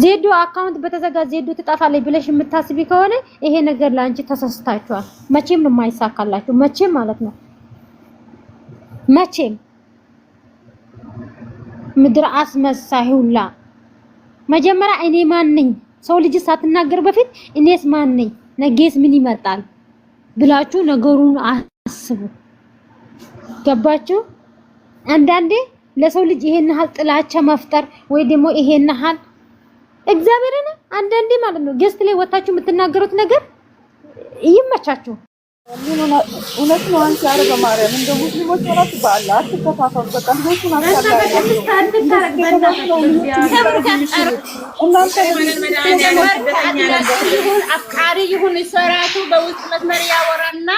ዜዶ አካውንት በተዘጋ ዜዶ ትጠፋለች ብለሽ የምታስቢ ከሆነ ይሄ ነገር ለአንቺ ተሳስታችኋል። መቼም ነው የማይሳካላችሁ። መቼም ማለት ነው መቼም ምድር አስመሳይ ሁላ። መጀመሪያ እኔ ማን ነኝ ሰው ልጅ ሳትናገር በፊት እኔስ ማን ነኝ ነጌስ ምን ይመጣል ብላችሁ ነገሩን አስቡ። ገባችሁ? አንዳንዴ ለሰው ልጅ ይሄን ሀል ጥላቻ መፍጠር ወይ ደግሞ ይሄን ሀል እግዚአብሔርን አንዳንዴ ማለት ነው ጌስት ላይ ወታችሁ የምትናገሩት ነገር ይመቻችሁ። እውነት ነው። አንቺ አረበ ማርያም እንደ ሙስሊሞች ራሱ በአላ አትከፋፈሉ። በቃ አፍቃሪ ይሁን በውስጥ መስመር ያወራና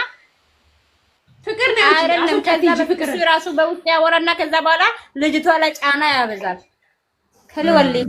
ፍቅር ነው። ከዛ በፍቅር ራሱ በውስጥ ያወራና ከዛ በኋላ ልጅቷ ላይ ጫና ያበዛል። ከልወልኝ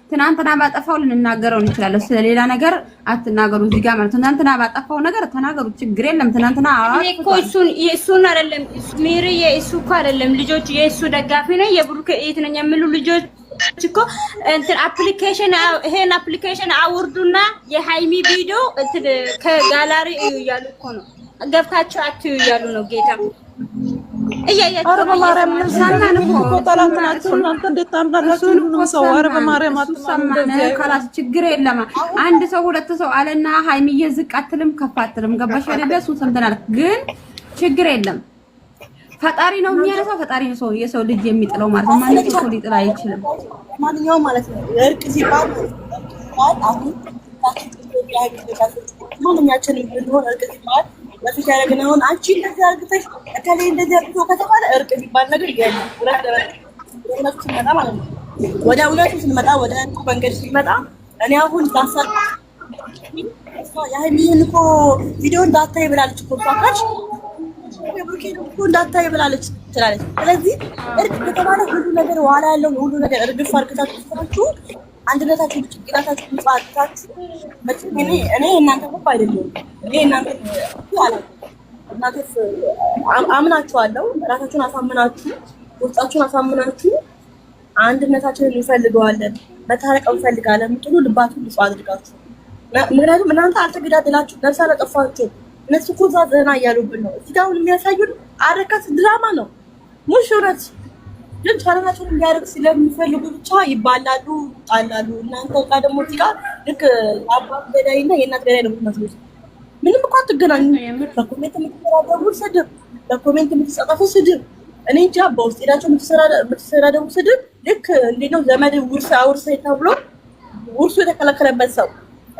ትናንትና ባጠፋው ልንናገረው እንችላለን። ስለሌላ ነገር አትናገሩ እዚህ ጋር ማለት ትናንትና ባጠፋው ነገር ተናገሩ፣ ችግር የለም። ትናንትና እኮ እሱን እሱን አይደለም ሚሪ የእሱ እኮ አይደለም ልጆች የእሱ ደጋፊ ነው የብሩክ እህት ነኝ የሚሉ ልጆች እኮ እንትን አፕሊኬሽን ይሄን አፕሊኬሽን አውርዱና የሃይሚ ቪዲዮ ከጋላሪ እዩ እያሉ እኮ ነው ገብታችሁ አትዩ እያሉ ነው ጌታ ኧረ በማርያም ሳናን እኮ ጠላት ናቸው። እናንተ እንዴት ታምናላችሁ? ሁሉም ሰው ኧረ በማርያም ካላስ ችግር የለም። አንድ ሰው ሁለት ሰው አለና ሀይሚዬ ዝቅ አትልም ከፍ አትልም። ገባሽ አይደለ? እሱን ሰምተናል፣ ግን ችግር የለም። ፈጣሪ ነው የሚያነሳው። ፈጣሪ ነው የሰው ልጅ የሚጥለው ማለት ነው። ማንም ሰው ሊጥል አይችልም። ማንኛውም ማለት ነው እርቅ ሲባል አሁን ማንኛችንም ብንሆን እርቅ ሲባል በፊት ያደረግነውን አንቺ እንደዚህ አርግተሽ እከሌ እንደዚህ አርግቶ ከተባለ እርቅ የሚባል ነገር የለም። እውነት ስንመጣ ማለት ነው። ወደ እውነቱ ስንመጣ፣ ወደ እንቁ መንገድ ሲመጣ እኔ አሁን ዳሳ ያህሚህን እኮ ቪዲዮ እንዳታይ ብላለች እኮ ብሩኬ እንዳታይ ብላለች ትላለች። ስለዚህ እርቅ ከተባለ ሁሉ ነገር ዋላ ያለው ሁሉ ነገር እርግፍ አርግታችሁ አንድነታችን ጭቅላታችሁ ምጽዋታችሁ መቼም እኔ እኔ እናንተ ጉብ አይደለም። እኔ እናንተ እናንተ አምናችኋለሁ። ራሳችሁን አሳምናችሁ ውስጣችሁን አሳምናችሁ አንድነታችንን እንፈልገዋለን፣ መታረቅ እንፈልጋለን የምትሉ ልባችሁን ንጹህ አድርጋችሁ። ምክንያቱም እናንተ አልተገዳደላችሁ፣ ነፍስ አላጠፋችሁ እነሱ እኮ እዛ ዘና እያሉብን ነው። እዚህ ጋር አሁን የሚያሳዩን አረካስ ድራማ ነው ሙሽ እውነት ግን ቸርነቱን እንዲያደርግ ስለሚፈልጉ ብቻ ይባላሉ፣ ይጣላሉ። እናንተ ጋ ደግሞ እዚህ ጋር ልክ የአባት ገዳይ እና የእናት ገዳይ ነው የምትመስሉት። ምንም እኳ አትገናኙ። በኮሜንት የምትሰራደቡ ስድብ፣ በኮሜንት የምትጸጠፉ ስድብ፣ እኔ እንጃ በውስጥ ሄዳቸው የምትሰራደቡ ስድብ ልክ እንዴት ነው ዘመድ ውርስ አውርሰ ተብሎ ውርሱ የተከለከለበት ሰው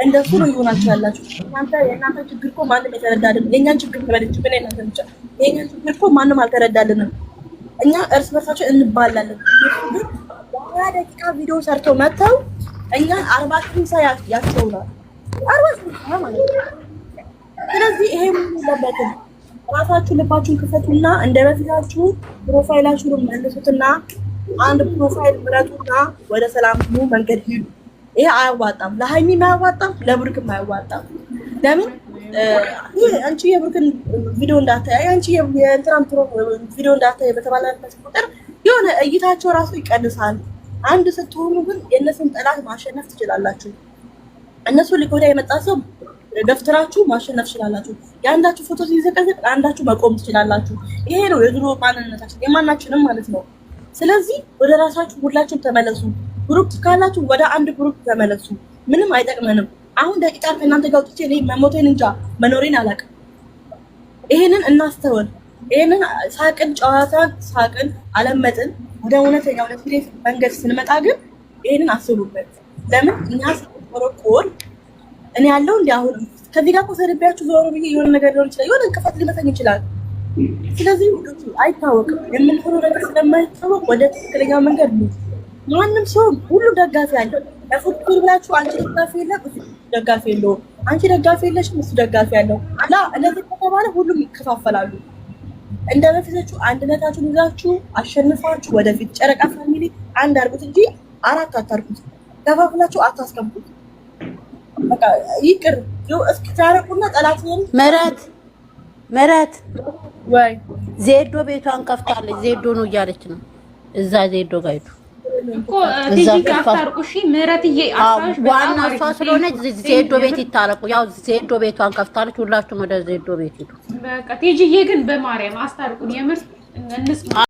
እንደሱ ነው ይሆናችሁ ያላችሁ። እናንተ የእናንተ ችግር እኮ ማንም የተረዳልን የእኛን ችግር ተበደች ብን ብቻ የእኛን ችግር እኮ ማንም አልተረዳልንም። እኛ እርስ በርሳቸው እንባላለን። ያ ደቂቃ ቪዲዮ ሰርተው መጥተው እኛን አርባ ስልሳ ያቸውናል። አርባ ስልሳ ማለት ስለዚህ ይሄ ምን ለበትም ራሳችሁ ልባችሁን ክፈቱና እንደ በፊታችሁ ፕሮፋይላችሁን መልሱትና አንድ ፕሮፋይል ምረጡና ወደ ሰላም መንገድ ሂዱ። ይሄ አያዋጣም፣ ለሀይሚም አያዋጣም፣ ለብርክም አያዋጣም። ለምን አንቺ የብሩክን ቪዲዮ እንዳታያይ፣ አንቺ የእንትናን ቪዲዮ እንዳታያይ በተባለበት ቁጥር የሆነ እይታቸው ራሱ ይቀንሳል። አንድ ስትሆኑ ግን የእነሱን ጠላት ማሸነፍ ትችላላችሁ። እነሱ ሊጎዳ የመጣ ሰው ገፍትራችሁ ማሸነፍ ትችላላችሁ። የአንዳችሁ ፎቶ ሲዘቀዘቅ አንዳችሁ መቆም ትችላላችሁ። ይሄ ነው የድሮ ማንነታችን የማናችንም ማለት ነው። ስለዚህ ወደ ራሳችሁ ሁላችሁም ተመለሱ። ግሩፕ ካላችሁ ወደ አንድ ግሩፕ ተመለሱ። ምንም አይጠቅመንም። አሁን ደቂቃ ከእናንተ ጋር ወጥቼ እኔ መሞቴን እንጃ መኖሬን አላውቅም። ይሄንን እናስተውል። ይሄንን ሳቅን፣ ጨዋታን፣ ሳቅን አለመጥን ወደ እውነተኛ ወደ ፍሬ መንገድ ስንመጣ ግን ይሄንን አስቡበት። ለምን እኛ ስቆረቆር እኔ ያለው እንዲ አሁን ከዚህ ጋር ሰደቢያችሁ ዞሮ ብዬ የሆነ ነገር ሊሆን ይችላል፣ የሆነ እንቅፋት ሊመታኝ ይችላል። ስለዚህ አይታወቅም፣ የምንሆነው ነገር ስለማይታወቅ ወደ ትክክለኛው መንገድ ነው። ማንም ሰው ሁሉ ደጋፊ አለው። ለፉክክር ብላችሁ አንቺ ደጋፊ የለም ደጋፊ የለውም። አንቺ ደጋፊ የለሽም፣ እሱ ደጋፊ ያለው ላ እነዚህ ከተባለ ሁሉም ይከፋፈላሉ። እንደ በፊቶቹ አንድነታችሁን ይዛችሁ አሸንፋችሁ ወደፊት ጨረቃ ፋሚሊ አንድ አርጉት እንጂ አራት አታርጉት። ከፋፍላችሁ አታስቀምጡት። ይቅር እስኪ ታረቁና ጠላት ምረት ምረት ወይ ዜዶ ቤቷን ከፍታለች። ዜዶ ነው እያለች ነው እዛ ዜዶ ጋይቱ ዋና እሷ ስለሆነች ዜዶ ቤት ይታረቁ። ያው ዜዶ ቤቷን ከፍታለች። ሁላችሁም ወደ ዜዶ ቤት ሂዱ። ቲጂዬ ግን በማርያም አስታርቁን የምር